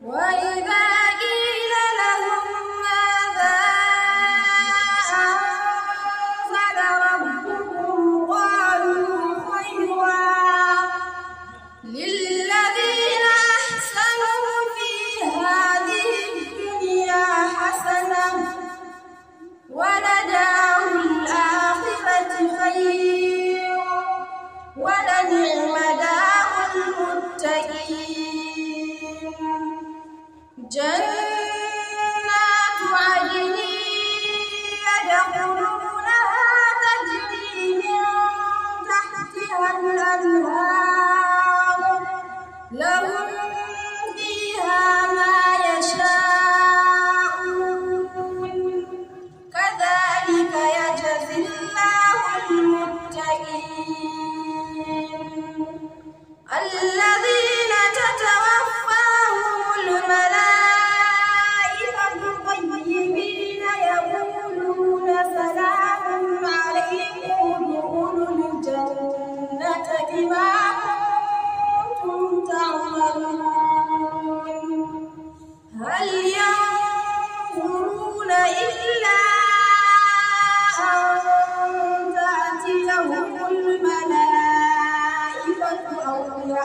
وإذا الله المتقين الله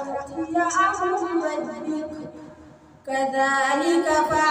رحمتك كذلك فعل